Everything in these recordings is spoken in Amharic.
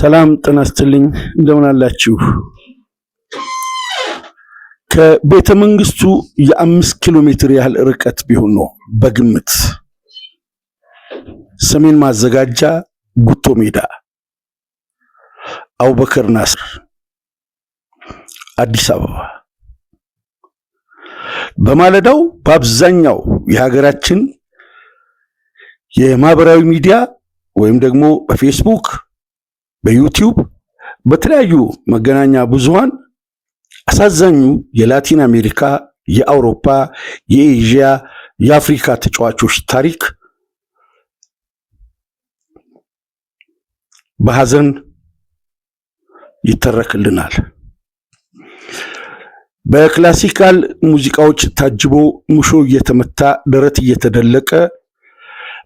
ሰላም ጤና ይስጥልኝ። እንደምን አላችሁ? ከቤተ መንግስቱ የአምስት ኪሎ ሜትር ያህል ርቀት ቢሆን ነው በግምት ሰሜን ማዘጋጃ ጉቶ ሜዳ አቡበከር ናስር አዲስ አበባ በማለዳው በአብዛኛው የሀገራችን የማህበራዊ ሚዲያ ወይም ደግሞ በፌስቡክ በዩቲዩብ በተለያዩ መገናኛ ብዙሃን አሳዛኙ የላቲን አሜሪካ፣ የአውሮፓ፣ የኤዥያ፣ የአፍሪካ ተጫዋቾች ታሪክ በሐዘን ይተረክልናል። በክላሲካል ሙዚቃዎች ታጅቦ ሙሾ እየተመታ ደረት እየተደለቀ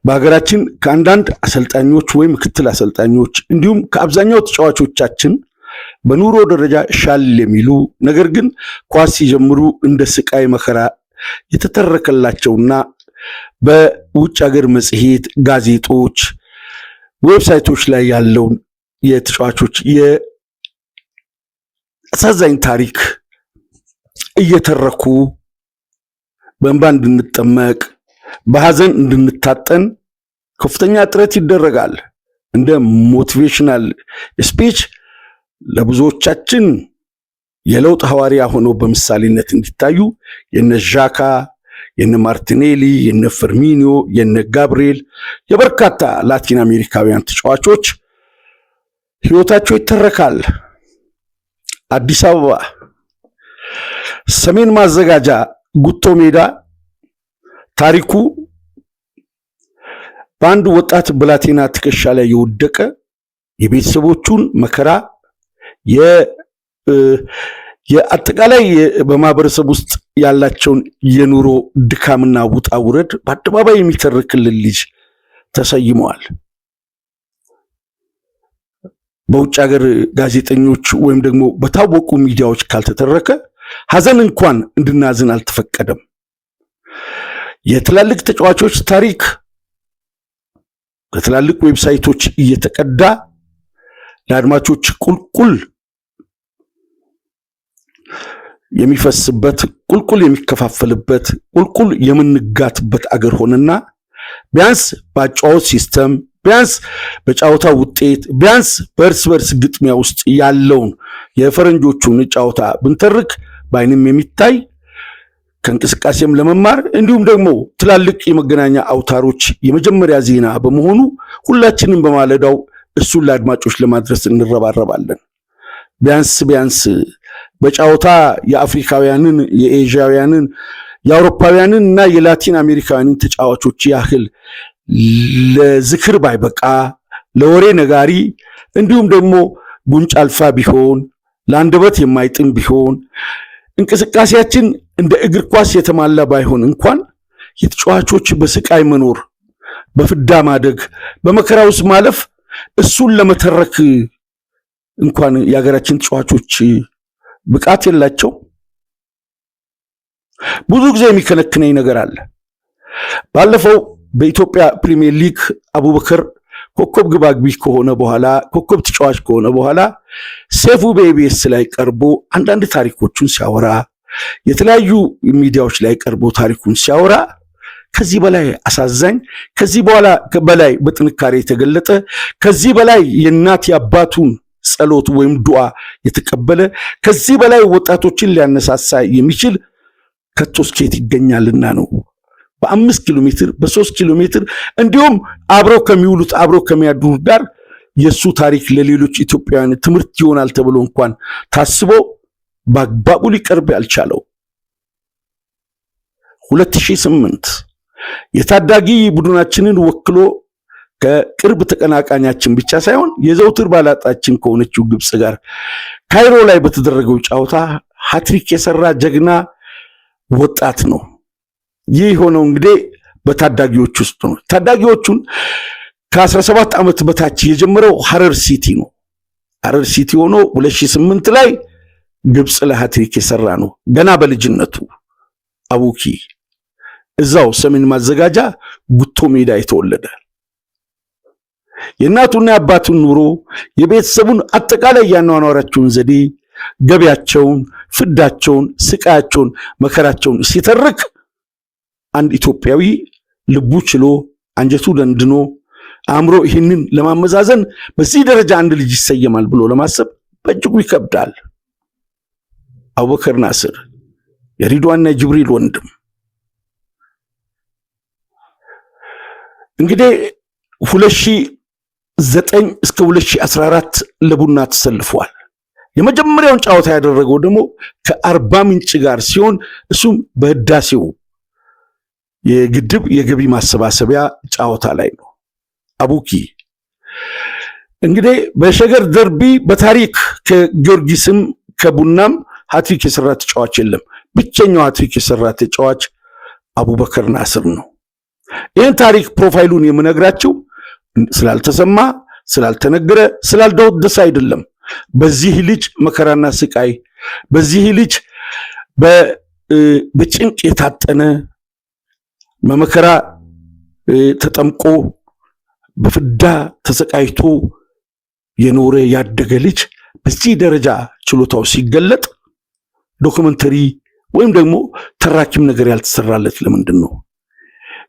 በሀገራችን ከአንዳንድ አሰልጣኞች ወይም ምክትል አሰልጣኞች እንዲሁም ከአብዛኛው ተጫዋቾቻችን በኑሮ ደረጃ ሻል የሚሉ ነገር ግን ኳስ ሲጀምሩ እንደ ስቃይ መከራ የተተረከላቸውና በውጭ ሀገር መጽሔት፣ ጋዜጦች፣ ዌብሳይቶች ላይ ያለውን የተጫዋቾች የአሳዛኝ ታሪክ እየተረኩ በእንባ እንድንጠመቅ በሐዘን እንድንታጠን ከፍተኛ ጥረት ይደረጋል። እንደ ሞቲቬሽናል ስፒች ለብዙዎቻችን የለውጥ ሐዋርያ ሆኖ በምሳሌነት እንዲታዩ የነ ዣካ፣ የነ ማርቲኔሊ፣ የነ ፈርሚኒዮ፣ የነ ጋብርኤል የበርካታ ላቲን አሜሪካውያን ተጫዋቾች ህይወታቸው ይተረካል። አዲስ አበባ ሰሜን ማዘጋጃ ጉቶ ሜዳ ታሪኩ በአንድ ወጣት ብላቴና ትከሻ ላይ የወደቀ የቤተሰቦቹን መከራ የአጠቃላይ በማህበረሰብ ውስጥ ያላቸውን የኑሮ ድካምና ውጣ ውረድ በአደባባይ የሚተርክልን ልጅ ተሰይመዋል። በውጭ ሀገር ጋዜጠኞች ወይም ደግሞ በታወቁ ሚዲያዎች ካልተተረከ ሀዘን እንኳን እንድናዝን አልተፈቀደም። የትላልቅ ተጫዋቾች ታሪክ ከትላልቅ ዌብሳይቶች እየተቀዳ ለአድማቾች ቁልቁል የሚፈስበት ቁልቁል የሚከፋፈልበት ቁልቁል የምንጋትበት አገር ሆነና ቢያንስ በአጫወት ሲስተም ቢያንስ በጨዋታ ውጤት ቢያንስ በእርስ በርስ ግጥሚያ ውስጥ ያለውን የፈረንጆቹን ጨዋታ ብንተርክ በአይንም የሚታይ ከእንቅስቃሴም ለመማር እንዲሁም ደግሞ ትላልቅ የመገናኛ አውታሮች የመጀመሪያ ዜና በመሆኑ ሁላችንም በማለዳው እሱን ለአድማጮች ለማድረስ እንረባረባለን። ቢያንስ ቢያንስ በጫወታ የአፍሪካውያንን፣ የኤዥያውያንን፣ የአውሮፓውያንን እና የላቲን አሜሪካውያንን ተጫዋቾች ያህል ለዝክር ባይበቃ ለወሬ ነጋሪ እንዲሁም ደግሞ ጉንጭ አልፋ ቢሆን ለአንደበት የማይጥም ቢሆን እንቅስቃሴያችን እንደ እግር ኳስ የተሟላ ባይሆን እንኳን የተጫዋቾች በስቃይ መኖር፣ በፍዳ ማደግ፣ በመከራ ውስጥ ማለፍ እሱን ለመተረክ እንኳን የሀገራችን ተጫዋቾች ብቃት የላቸው። ብዙ ጊዜ የሚከነክነኝ ነገር አለ። ባለፈው በኢትዮጵያ ፕሪሚየር ሊግ አቡበከር ኮከብ ግባግቢሽ ከሆነ በኋላ ኮከብ ተጫዋች ከሆነ በኋላ ሴፉ በኢቢኤስ ላይ ቀርቦ አንዳንድ ታሪኮቹን ሲያወራ የተለያዩ ሚዲያዎች ላይ ቀርቦ ታሪኩን ሲያወራ ከዚህ በላይ አሳዛኝ ከዚህ በኋላ በላይ በጥንካሬ የተገለጠ ከዚህ በላይ የእናት የአባቱን ጸሎት ወይም ዱዓ የተቀበለ ከዚህ በላይ ወጣቶችን ሊያነሳሳ የሚችል ከቶ ስኬት ይገኛልና ነው። በአምስት ኪሎ ሜትር በሶስት ኪሎ ሜትር እንዲሁም አብረው ከሚውሉት አብረው ከሚያድሩት ጋር የእሱ ታሪክ ለሌሎች ኢትዮጵያውያን ትምህርት ይሆናል ተብሎ እንኳን ታስቦ በአግባቡ ሊቀርብ ያልቻለው 2008 የታዳጊ ቡድናችንን ወክሎ ከቅርብ ተቀናቃኛችን ብቻ ሳይሆን የዘውትር ባላጣችን ከሆነችው ግብፅ ጋር ካይሮ ላይ በተደረገው ጨዋታ ሀትሪክ የሰራ ጀግና ወጣት ነው። ይህ የሆነው እንግዲህ በታዳጊዎች ውስጥ ነው። ታዳጊዎቹን ከ17 ዓመት በታች የጀመረው ሀረር ሲቲ ነው። ሀረር ሲቲ ሆኖ 2008 ላይ ግብፅ ለሃትሪክ የሰራ ነው። ገና በልጅነቱ አቡኪ እዛው ሰሜን ማዘጋጃ ጉቶ ሜዳ የተወለደ የእናቱና የአባቱን ኑሮ የቤተሰቡን አጠቃላይ ያኗኗራቸውን ዘዴ ገቢያቸውን፣ ፍዳቸውን፣ ስቃያቸውን፣ መከራቸውን ሲተርክ አንድ ኢትዮጵያዊ ልቡ ችሎ አንጀቱ ደንድኖ አእምሮ ይህንን ለማመዛዘን በዚህ ደረጃ አንድ ልጅ ይሰየማል ብሎ ለማሰብ በእጅጉ ይከብዳል። አቡበከር ናስር የሪድዋንና የጅብሪል ወንድም እንግዲህ 2009 እስከ 2014 ለቡና ተሰልፏል። የመጀመሪያውን ጨዋታ ያደረገው ደግሞ ከአርባ ምንጭ ጋር ሲሆን እሱም በህዳሴው የግድብ የገቢ ማሰባሰቢያ ጨዋታ ላይ ነው። አቡኪ እንግዲህ በሸገር ደርቢ በታሪክ ከጊዮርጊስም ከቡናም ሀትሪክ የሰራ ተጫዋች የለም። ብቸኛው ሀትሪክ የሰራ ተጫዋች አቡበከር ናስር ነው። ይህን ታሪክ ፕሮፋይሉን የምነግራችው ስላልተሰማ ስላልተነገረ ስላልደወደሰ አይደለም። በዚህ ልጅ መከራና ስቃይ፣ በዚህ ልጅ በጭንቅ የታጠነ በመከራ ተጠምቆ በፍዳ ተሰቃይቶ የኖረ ያደገ ልጅ በዚህ ደረጃ ችሎታው ሲገለጥ ዶክመንተሪ ወይም ደግሞ ተራኪም ነገር ያልተሰራለት ለምንድን ነው?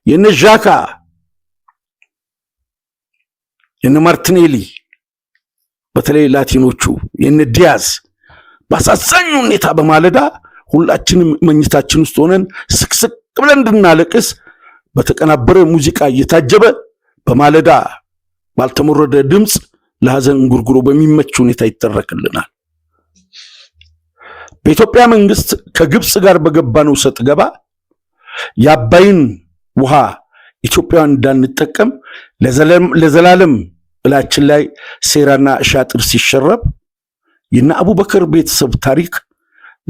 የነ ዣካ የነ ማርቲኔሊ በተለይ ላቲኖቹ የነ ዲያዝ በአሳዛኝ ሁኔታ በማለዳ ሁላችንም መኝታችን ውስጥ ሆነን ብለን እንድናለቅስ በተቀናበረ ሙዚቃ እየታጀበ በማለዳ ባልተሞረደ ድምፅ ለሐዘን እንጉርጉሮ በሚመች ሁኔታ ይተረክልናል። በኢትዮጵያ መንግስት ከግብፅ ጋር በገባነው ሰጥ ገባ የአባይን ውሃ ኢትዮጵያውያን እንዳንጠቀም ለዘላለም እላችን ላይ ሴራና ሻጥር ሲሸረብ የነ አቡበከር ቤተሰብ ታሪክ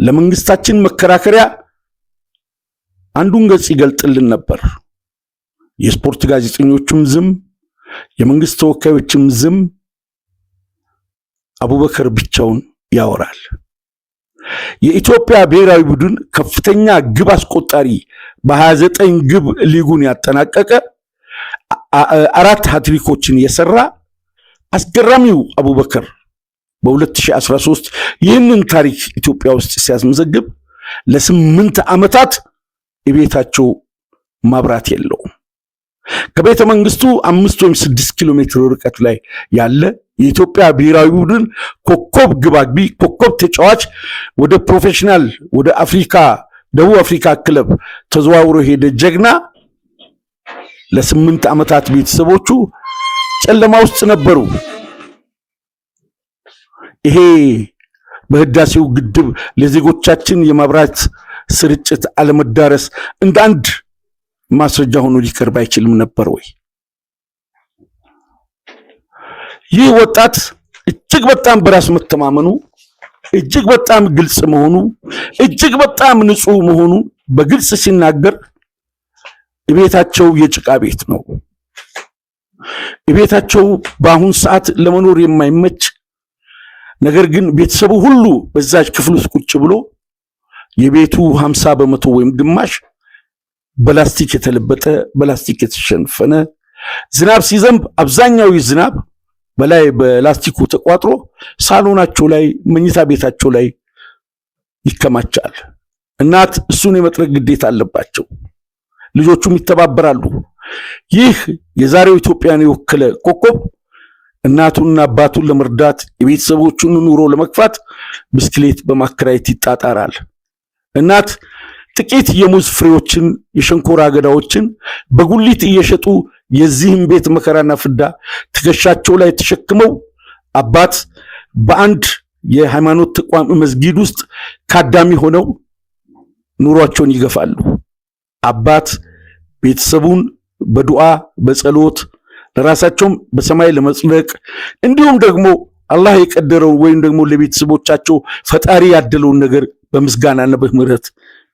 ለመንግስታችን መከራከሪያ አንዱን ገጽ ይገልጥልን ነበር። የስፖርት ጋዜጠኞቹም ዝም፣ የመንግስት ተወካዮችም ዝም። አቡበከር ብቻውን ያወራል። የኢትዮጵያ ብሔራዊ ቡድን ከፍተኛ ግብ አስቆጣሪ በ29 ግብ ሊጉን ያጠናቀቀ አራት ሃትሪኮችን የሰራ አስገራሚው አቡበከር በ2013 ይህንን ታሪክ ኢትዮጵያ ውስጥ ሲያስመዘግብ ለስምንት ዓመታት የቤታቸው መብራት የለውም። ከቤተ መንግስቱ አምስት ወይም ስድስት ኪሎ ሜትር ርቀት ላይ ያለ የኢትዮጵያ ብሔራዊ ቡድን ኮከብ ግብ አግቢ፣ ኮከብ ተጫዋች ወደ ፕሮፌሽናል ወደ አፍሪካ ደቡብ አፍሪካ ክለብ ተዘዋውሮ ሄደ ጀግና ለስምንት ዓመታት ቤተሰቦቹ ጨለማ ውስጥ ነበሩ። ይሄ በህዳሴው ግድብ ለዜጎቻችን የመብራት ስርጭት አለመዳረስ እንደ አንድ ማስረጃ ሆኖ ሊቀርብ አይችልም ነበር ወይ? ይህ ወጣት እጅግ በጣም በራስ መተማመኑ እጅግ በጣም ግልጽ መሆኑ እጅግ በጣም ንጹህ መሆኑ በግልጽ ሲናገር ቤታቸው የጭቃ ቤት ነው። ቤታቸው በአሁን ሰዓት ለመኖር የማይመች ነገር ግን ቤተሰቡ ሁሉ በዛች ክፍል ውስጥ ቁጭ ብሎ የቤቱ ሀምሳ በመቶ ወይም ግማሽ በላስቲክ የተለበጠ በላስቲክ የተሸንፈነ ዝናብ ሲዘንብ አብዛኛው ዝናብ በላይ በላስቲኩ ተቋጥሮ ሳሎናቸው ላይ መኝታ ቤታቸው ላይ ይከማቻል። እናት እሱን የመጥረግ ግዴታ አለባቸው። ልጆቹም ይተባበራሉ። ይህ የዛሬው ኢትዮጵያን የወከለ ኮከብ እናቱንና አባቱን ለመርዳት የቤተሰቦቹን ኑሮ ለመግፋት ብስክሌት በማከራየት ይጣጣራል። እናት ጥቂት የሙዝ ፍሬዎችን፣ የሸንኮራ አገዳዎችን በጉሊት እየሸጡ የዚህም ቤት መከራና ፍዳ ትከሻቸው ላይ ተሸክመው አባት በአንድ የሃይማኖት ተቋም መስጊድ ውስጥ ካዳሚ ሆነው ኑሯቸውን ይገፋሉ። አባት ቤተሰቡን በዱዓ በጸሎት ለራሳቸውም በሰማይ ለመጽለቅ እንዲሁም ደግሞ አላህ የቀደረውን ወይም ደግሞ ለቤተሰቦቻቸው ፈጣሪ ያደለውን ነገር በምስጋናና በምህረት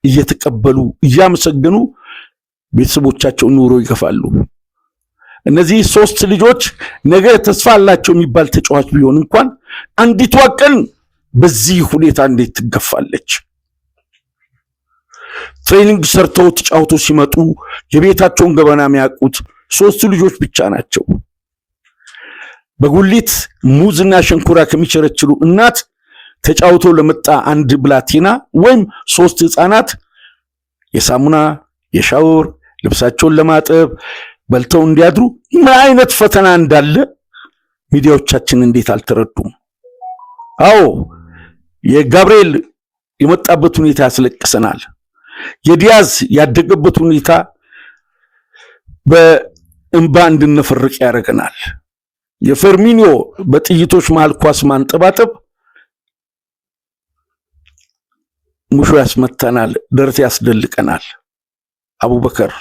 እየተቀበሉ እያመሰገኑ ቤተሰቦቻቸውን ኑሮ ይገፋሉ። እነዚህ ሶስት ልጆች ነገ ተስፋ አላቸው የሚባል ተጫዋች ቢሆን እንኳን አንዲቷ ቀን በዚህ ሁኔታ እንዴት ትገፋለች? ትሬኒንግ ሰርተው ተጫውቶ ሲመጡ የቤታቸውን ገበና የሚያውቁት ሶስቱ ልጆች ብቻ ናቸው። በጉሊት ሙዝና ሸንኮራ ከሚቸረችሉ እናት ተጫውቶ ለመጣ አንድ ብላቴና ወይም ሶስት ህፃናት የሳሙና የሻወር ልብሳቸውን ለማጠብ በልተው እንዲያድሩ ምን አይነት ፈተና እንዳለ ሚዲያዎቻችን እንዴት አልተረዱም? አዎ የጋብርኤል የመጣበት ሁኔታ ያስለቅሰናል። የዲያዝ ያደገበት ሁኔታ በእንባ እንድንፈርቅ ያደርገናል። የፈርሚኒዮ በጥይቶች መሃል ኳስ ማንጠባጠብ ሙሾ ያስመተናል። ደረት ያስደልቀናል። አቡበከር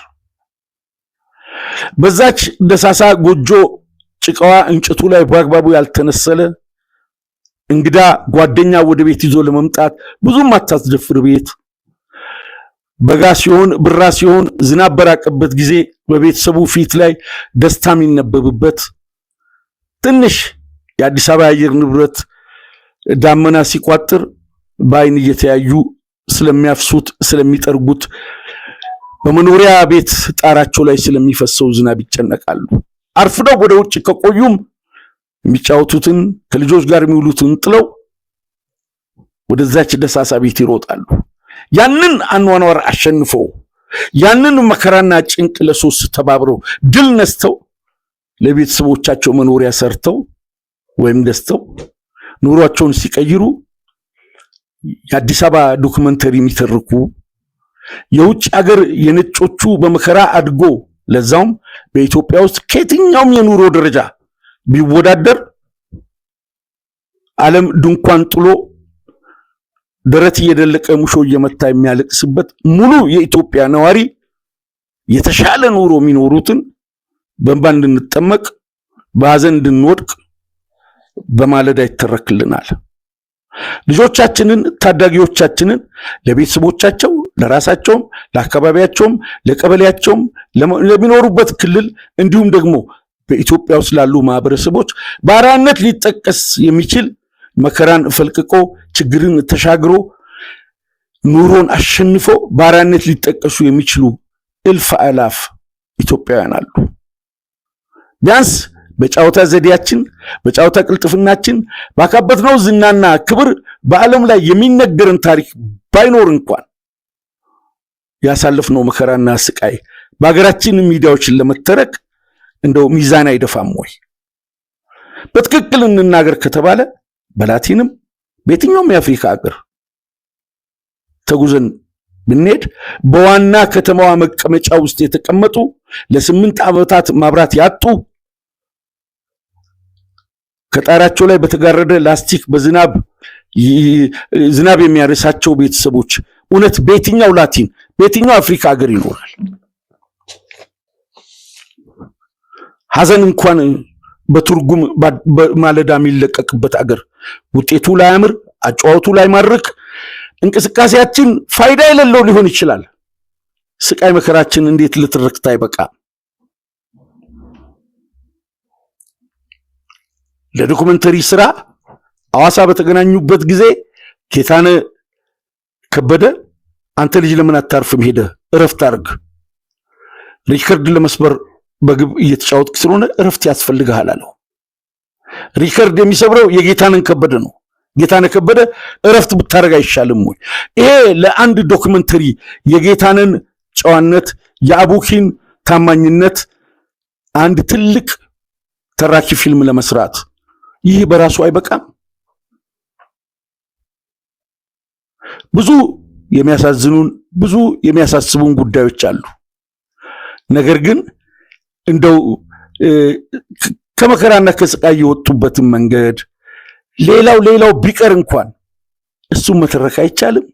በዛች ደሳሳ ጎጆ ጭቃዋ እንጨቱ ላይ በአግባቡ ያልተነሰለ እንግዳ ጓደኛ ወደ ቤት ይዞ ለመምጣት ብዙም አታስደፍር ቤት በጋ ሲሆን ብራ ሲሆን ዝናብ በራቀበት ጊዜ በቤተሰቡ ፊት ላይ ደስታ የሚነበብበት ትንሽ የአዲስ አበባ የአየር ንብረት ዳመና ሲቋጥር በአይን እየተያዩ ስለሚያፍሱት፣ ስለሚጠርጉት፣ በመኖሪያ ቤት ጣራቸው ላይ ስለሚፈሰው ዝናብ ይጨነቃሉ። አርፍደው ወደ ውጭ ከቆዩም የሚጫወቱትን ከልጆች ጋር የሚውሉትን ጥለው ወደዛች ደሳሳ ቤት ይሮጣሉ። ያንን አኗኗር አሸንፎ ያንን መከራና ጭንቅ ለሶስት ተባብረው ድል ነስተው ለቤተሰቦቻቸው መኖሪያ ሰርተው ወይም ገዝተው ኑሯቸውን ሲቀይሩ የአዲስ አበባ ዶክመንተሪ የሚተርኩ የውጭ ሀገር የነጮቹ በመከራ አድጎ ለዛውም በኢትዮጵያ ውስጥ ከየትኛውም የኑሮ ደረጃ ቢወዳደር ዓለም ድንኳን ጥሎ ደረት እየደለቀ ሙሾ እየመታ የሚያለቅስበት ሙሉ የኢትዮጵያ ነዋሪ የተሻለ ኑሮ የሚኖሩትን በእንባ እንድንጠመቅ በሐዘን እንድንወድቅ በማለዳ ይተረክልናል። ልጆቻችንን ታዳጊዎቻችንን ለቤተሰቦቻቸው ለራሳቸውም ለአካባቢያቸውም ለቀበሌያቸውም ለሚኖሩበት ክልል እንዲሁም ደግሞ በኢትዮጵያ ውስጥ ላሉ ማህበረሰቦች በአርአያነት ሊጠቀስ የሚችል መከራን ፈልቅቆ ችግርን ተሻግሮ ኑሮን አሸንፎ በአርአያነት ሊጠቀሱ የሚችሉ እልፍ አላፍ ኢትዮጵያውያን አሉ ቢያንስ በጨዋታ ዘዴያችን፣ በጨዋታ ቅልጥፍናችን ባካበትነው ዝናና ክብር በዓለም ላይ የሚነገርን ታሪክ ባይኖር እንኳን ያሳለፍነው መከራና ስቃይ በሀገራችን ሚዲያዎችን ለመተረክ እንደው ሚዛን አይደፋም ወይ? በትክክል እንናገር ከተባለ በላቲንም በየትኛውም የአፍሪካ አገር ተጉዘን ብንሄድ በዋና ከተማዋ መቀመጫ ውስጥ የተቀመጡ ለስምንት ዓመታት ማብራት ያጡ ከጣሪያቸው ላይ በተጋረደ ላስቲክ በዝናብ ዝናብ የሚያርሳቸው ቤተሰቦች እውነት በየትኛው ላቲን በየትኛው አፍሪካ ሀገር ይኖራል? ሀዘን እንኳን በትርጉም ማለዳ የሚለቀቅበት አገር ውጤቱ ላያምር፣ አጨዋወቱ ማድረግ እንቅስቃሴያችን ፋይዳ የሌለው ሊሆን ይችላል። ስቃይ መከራችን እንዴት ልትረክታ ይበቃ? ለዶኩመንተሪ ስራ አዋሳ በተገናኙበት ጊዜ ጌታነ ከበደ አንተ ልጅ ለምን አታርፍም? ሄደ እረፍት አርግ፣ ሪከርድ ለመስበር በግብ እየተጫወጥክ ስለሆነ እረፍት ያስፈልግሃል አለው። ሪከርድ የሚሰብረው የጌታነን ከበደ ነው። ጌታነ ከበደ እረፍት ብታደረግ አይሻልም ወይ? ይሄ ለአንድ ዶክመንተሪ የጌታነን ጨዋነት፣ የአቡኪን ታማኝነት አንድ ትልቅ ተራኪ ፊልም ለመስራት ይህ በራሱ አይበቃም። ብዙ የሚያሳዝኑን ብዙ የሚያሳስቡን ጉዳዮች አሉ። ነገር ግን እንደው ከመከራና ከስቃይ የወጡበትን መንገድ ሌላው ሌላው ቢቀር እንኳን እሱን መተረክ አይቻልም።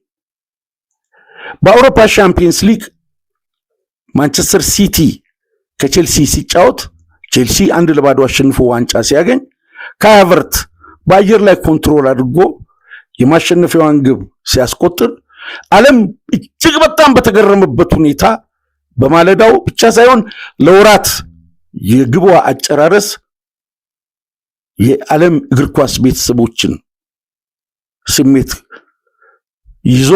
በአውሮፓ ሻምፒየንስ ሊግ ማንቸስተር ሲቲ ከቼልሲ ሲጫወት ቼልሲ አንድ ለባዶ አሸንፎ ዋንጫ ሲያገኝ ከሀቨርት በአየር ላይ ኮንትሮል አድርጎ የማሸነፊያዋን ግብ ሲያስቆጥር ዓለም እጅግ በጣም በተገረመበት ሁኔታ በማለዳው ብቻ ሳይሆን ለወራት የግቧ አጨራረስ የዓለም እግር ኳስ ቤተሰቦችን ስሜት ይዞ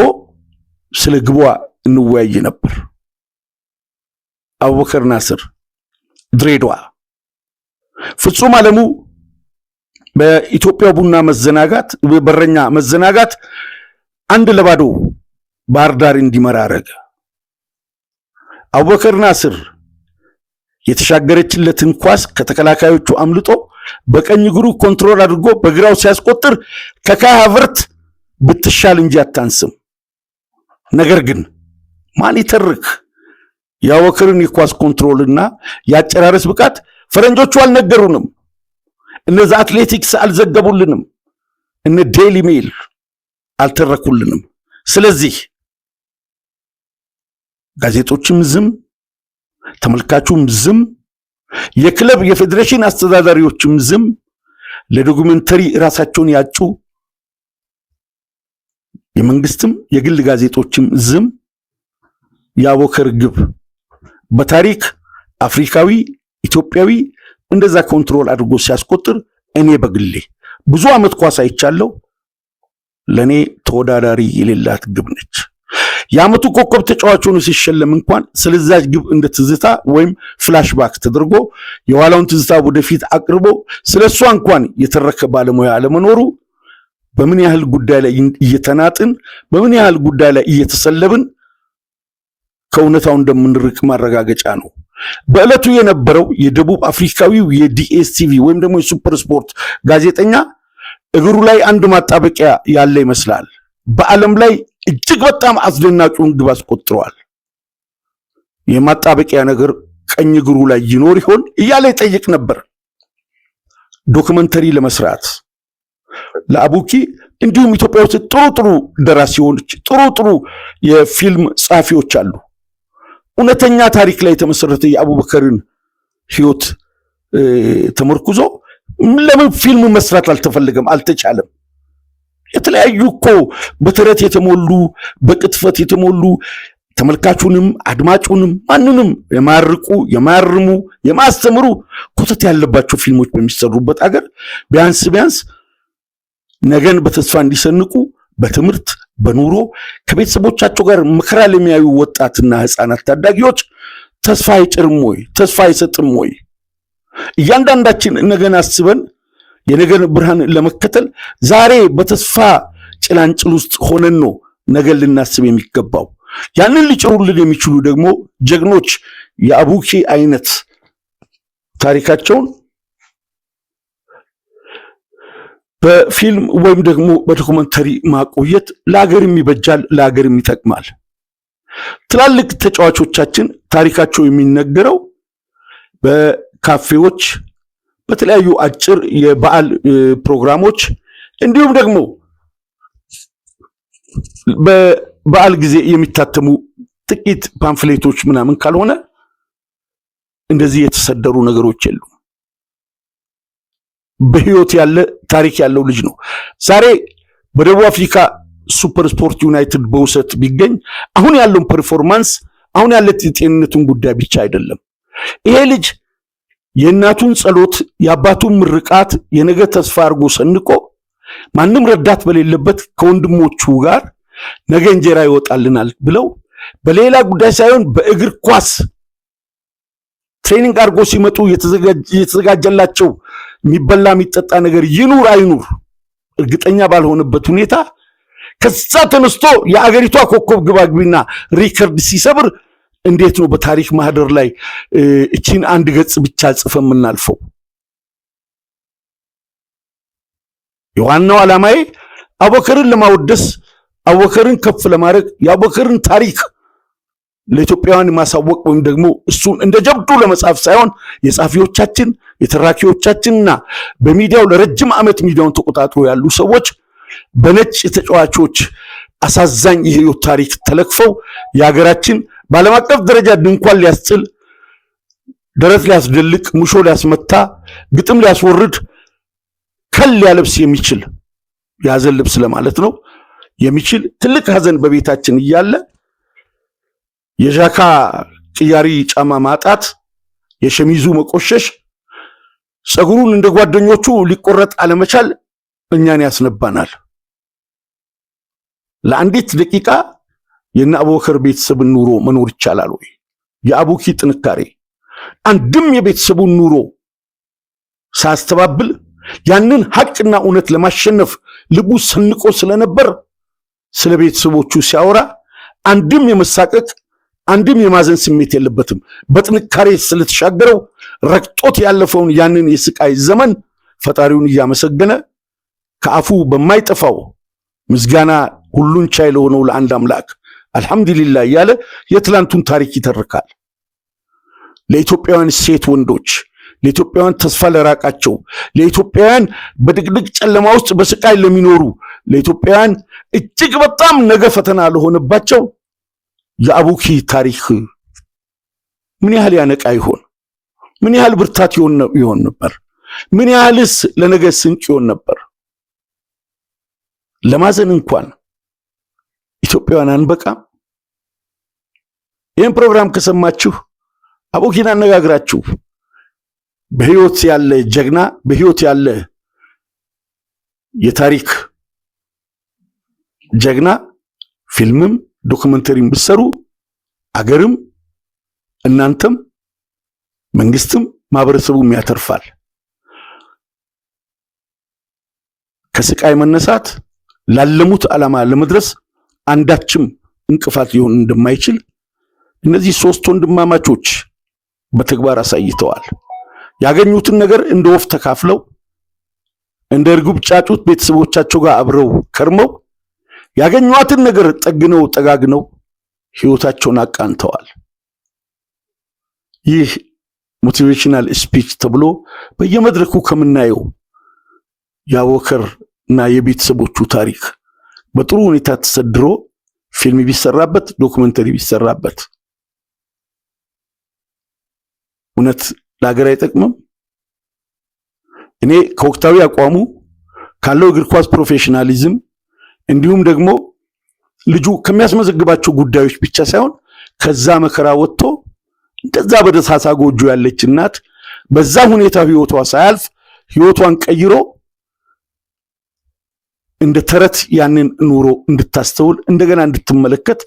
ስለ ግቧ እንወያይ ነበር። አቡበከር ናስር ድሬዳዋ፣ ፍጹም ዓለሙ በኢትዮጵያ ቡና መዘናጋት በረኛ መዘናጋት አንድ ለባዶ ባህር ዳር እንዲመራ አረገ። አቡበከር ናስር የተሻገረችለትን ኳስ ከተከላካዮቹ አምልጦ በቀኝ እግሩ ኮንትሮል አድርጎ በግራው ሲያስቆጥር ከካይ ሃቨርት ብትሻል እንጂ አታንስም። ነገር ግን ማን ይተርክ የአቡበከርን የኳስ ኮንትሮልና የአጨራረስ ብቃት? ፈረንጆቹ አልነገሩንም። እነዚ አትሌቲክስ አልዘገቡልንም። እነ ዴሊ ሜል አልተረኩልንም። ስለዚህ ጋዜጦችም ዝም፣ ተመልካቹም ዝም፣ የክለብ የፌዴሬሽን አስተዳዳሪዎችም ዝም። ለዶክመንተሪ ራሳቸውን ያጩ የመንግስትም የግል ጋዜጦችም ዝም። የአቦከር ግብ በታሪክ አፍሪካዊ ኢትዮጵያዊ እንደዛ ኮንትሮል አድርጎ ሲያስቆጥር እኔ በግሌ ብዙ ዓመት ኳስ አይቻለው። ለእኔ ተወዳዳሪ የሌላት ግብ ነች። የዓመቱ ኮከብ ተጫዋች ሆኖ ሲሸለም እንኳን ስለዛች ግብ እንደ ትዝታ ወይም ፍላሽባክ ተደርጎ የኋላውን ትዝታ ወደፊት አቅርቦ ስለ እሷ እንኳን የተረከ ባለሙያ አለመኖሩ በምን ያህል ጉዳይ ላይ እየተናጥን በምን ያህል ጉዳይ ላይ እየተሰለብን ከእውነታው እንደምንርቅ ማረጋገጫ ነው። በዕለቱ የነበረው የደቡብ አፍሪካዊው የዲኤስቲቪ ወይም ደግሞ የሱፐር ስፖርት ጋዜጠኛ እግሩ ላይ አንድ ማጣበቂያ ያለ ይመስላል። በዓለም ላይ እጅግ በጣም አስደናቂውን ግብ አስቆጥረዋል። የማጣበቂያ ነገር ቀኝ እግሩ ላይ ይኖር ይሆን እያለ ይጠይቅ ነበር። ዶክመንተሪ ለመስራት ለአቡኪ እንዲሁም ኢትዮጵያ ውስጥ ጥሩ ጥሩ ደራሲዎች፣ ጥሩ ጥሩ የፊልም ጸሐፊዎች አሉ። እውነተኛ ታሪክ ላይ የተመሰረተ የአቡበከርን ህይወት ተመርኩዞ ለምን ፊልሙ መስራት አልተፈለገም? አልተቻለም? የተለያዩ እኮ በተረት የተሞሉ በቅጥፈት የተሞሉ ተመልካቹንም አድማጩንም ማንንም የማርቁ የማርሙ የማስተምሩ ኮተት ያለባቸው ፊልሞች በሚሰሩበት አገር ቢያንስ ቢያንስ ነገን በተስፋ እንዲሰንቁ በትምህርት በኑሮ ከቤተሰቦቻቸው ጋር መከራ ለሚያዩ ወጣትና ህፃናት ታዳጊዎች ተስፋ አይጭርም ወይ? ተስፋ አይሰጥም ወይ? እያንዳንዳችን ነገን አስበን የነገን ብርሃን ለመከተል ዛሬ በተስፋ ጭላንጭል ውስጥ ሆነን ነው ነገን ልናስብ የሚገባው። ያንን ሊጭሩልን የሚችሉ ደግሞ ጀግኖች የአቡኪ አይነት ታሪካቸውን በፊልም ወይም ደግሞ በዶክመንተሪ ማቆየት ለሀገርም ይበጃል፣ ለሀገርም ይጠቅማል። ትላልቅ ተጫዋቾቻችን ታሪካቸው የሚነገረው በካፌዎች፣ በተለያዩ አጭር የበዓል ፕሮግራሞች እንዲሁም ደግሞ በበዓል ጊዜ የሚታተሙ ጥቂት ፓምፍሌቶች ምናምን ካልሆነ እንደዚህ የተሰደሩ ነገሮች የሉ። በህይወት ያለ ታሪክ ያለው ልጅ ነው። ዛሬ በደቡብ አፍሪካ ሱፐር ስፖርት ዩናይትድ በውሰት ቢገኝ አሁን ያለውን ፐርፎርማንስ አሁን ያለ የጤንነቱን ጉዳይ ብቻ አይደለም። ይሄ ልጅ የእናቱን ጸሎት፣ የአባቱን ምርቃት፣ የነገ ተስፋ አድርጎ ሰንቆ ማንም ረዳት በሌለበት ከወንድሞቹ ጋር ነገ እንጀራ ይወጣልናል ብለው በሌላ ጉዳይ ሳይሆን በእግር ኳስ ትሬኒንግ አድርጎ ሲመጡ የተዘጋጀላቸው የሚበላ የሚጠጣ ነገር ይኑር አይኑር እርግጠኛ ባልሆነበት ሁኔታ ከዛ ተነስቶ የአገሪቷ ኮከብ ግባግቢና ሪከርድ ሲሰብር እንዴት ነው በታሪክ ማህደር ላይ እቺን አንድ ገጽ ብቻ ጽፈ የምናልፈው? የዋናው ዓላማዬ አቡበከርን ለማወደስ አቡበከርን ከፍ ለማድረግ የአቡበከርን ታሪክ ለኢትዮጵያውያን ማሳወቅ ወይም ደግሞ እሱን እንደ ጀብዱ ለመጻፍ ሳይሆን የጻፊዎቻችን የተራኪዎቻችንና በሚዲያው ለረጅም ዓመት ሚዲያውን ተቆጣጥሮ ያሉ ሰዎች በነጭ ተጫዋቾች አሳዛኝ የህይወት ታሪክ ተለክፈው የሀገራችን በዓለም አቀፍ ደረጃ ድንኳን ሊያስጥል ደረት ሊያስደልቅ ሙሾ ሊያስመታ ግጥም ሊያስወርድ ከል ሊያለብስ የሚችል የሀዘን ልብስ ለማለት ነው የሚችል ትልቅ ሀዘን በቤታችን እያለ የዣካ ቅያሪ ጫማ ማጣት፣ የሸሚዙ መቆሸሽ፣ ፀጉሩን እንደ ጓደኞቹ ሊቆረጥ አለመቻል እኛን ያስነባናል። ለአንዲት ደቂቃ የእነ አቡበከር ቤተሰብን ኑሮ መኖር ይቻላል ወይ? የአቡኪ ጥንካሬ አንድም የቤተሰቡን ኑሮ ሳያስተባብል ያንን ሐቅና እውነት ለማሸነፍ ልቡ ሰንቆ ስለነበር ስለ ቤተሰቦቹ ሲያወራ አንድም የመሳቀቅ አንድም የማዘን ስሜት የለበትም። በጥንካሬ ስለተሻገረው ረግጦት ያለፈውን ያንን የስቃይ ዘመን ፈጣሪውን እያመሰገነ ከአፉ በማይጠፋው ምስጋና ሁሉን ቻይ ለሆነው ለአንድ አምላክ አልሐምዱሊላ እያለ የትላንቱን ታሪክ ይተርካል። ለኢትዮጵያውያን ሴት ወንዶች፣ ለኢትዮጵያውያን ተስፋ ለራቃቸው፣ ለኢትዮጵያውያን በድቅድቅ ጨለማ ውስጥ በስቃይ ለሚኖሩ፣ ለኢትዮጵያውያን እጅግ በጣም ነገ ፈተና ለሆነባቸው የአቡኪ ታሪክ ምን ያህል ያነቃ ይሆን? ምን ያህል ብርታት ይሆን ነበር? ምን ያህልስ ለነገ ስንቅ ይሆን ነበር? ለማዘን እንኳን ኢትዮጵያውያን አንበቃም። ይህን ፕሮግራም ከሰማችሁ አቡኪን አነጋግራችሁ በህይወት ያለ ጀግና፣ በህይወት ያለ የታሪክ ጀግና ፊልምም ዶክመንተሪም ብትሰሩ አገርም እናንተም መንግስትም ማህበረሰቡም ያተርፋል። ከስቃይ መነሳት ላለሙት ዓላማ ለመድረስ አንዳችም እንቅፋት ሊሆን እንደማይችል እነዚህ ሶስት ወንድማማቾች በተግባር አሳይተዋል። ያገኙትን ነገር እንደ ወፍ ተካፍለው እንደ እርግብ ጫጩት ቤተሰቦቻቸው ጋር አብረው ከርመው ያገኟትን ነገር ጠግነው ጠጋግነው ህይወታቸውን አቃንተዋል። ይህ ሞቲቬሽናል ስፒች ተብሎ በየመድረኩ ከምናየው የአቡበከር እና የቤተሰቦቹ ታሪክ በጥሩ ሁኔታ ተሰድሮ ፊልም ቢሰራበት፣ ዶክመንተሪ ቢሰራበት እውነት ለሀገር አይጠቅምም። እኔ ከወቅታዊ አቋሙ ካለው እግር ኳስ ፕሮፌሽናሊዝም እንዲሁም ደግሞ ልጁ ከሚያስመዘግባቸው ጉዳዮች ብቻ ሳይሆን ከዛ መከራ ወጥቶ እንደዛ በደሳሳ ጎጆ ያለች እናት በዛ ሁኔታ ህይወቷ ሳያልፍ ህይወቷን ቀይሮ እንደ ተረት ያንን ኑሮ እንድታስተውል እንደገና እንድትመለከት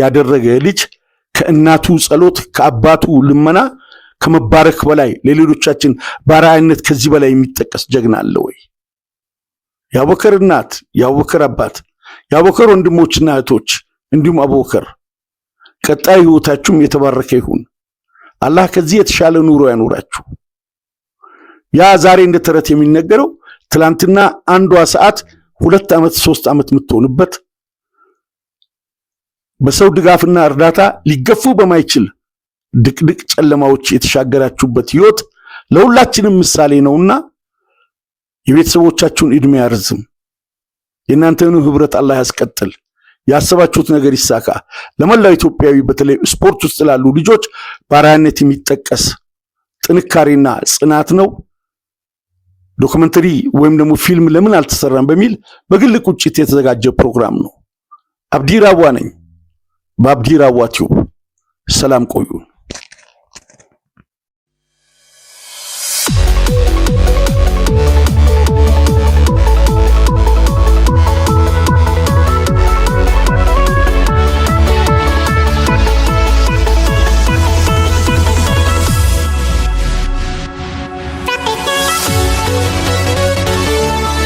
ያደረገ ልጅ ከእናቱ ጸሎት ከአባቱ ልመና ከመባረክ በላይ ለሌሎቻችን ባርአያነት ከዚህ በላይ የሚጠቀስ ጀግና አለ ወይ? የአቡበከር እናት፣ የአቡበከር አባት፣ የአቡበከር ወንድሞችና እህቶች እንዲሁም አቡበከር ቀጣይ ህይወታችሁም የተባረከ ይሁን። አላህ ከዚህ የተሻለ ኑሮ ያኖራችሁ። ያ ዛሬ እንደ ተረት የሚነገረው ትላንትና አንዷ ሰዓት ሁለት ዓመት ሶስት ዓመት የምትሆንበት በሰው ድጋፍና እርዳታ ሊገፉ በማይችል ድቅድቅ ጨለማዎች የተሻገራችሁበት ህይወት ለሁላችንም ምሳሌ ነውና የቤተሰቦቻችሁን እድሜ ያርዝም። የእናንተኑ ህብረት አላህ ያስቀጥል። ያሰባችሁት ነገር ይሳካ። ለመላው ኢትዮጵያዊ በተለይ ስፖርት ውስጥ ላሉ ልጆች በአርአያነት የሚጠቀስ ጥንካሬና ጽናት ነው። ዶክመንተሪ ወይም ደግሞ ፊልም ለምን አልተሰራም በሚል በግል ቁጭት የተዘጋጀ ፕሮግራም ነው። አብዲራዋ ነኝ፣ በአብዲራዋ ቲዩብ። ሰላም ቆዩ።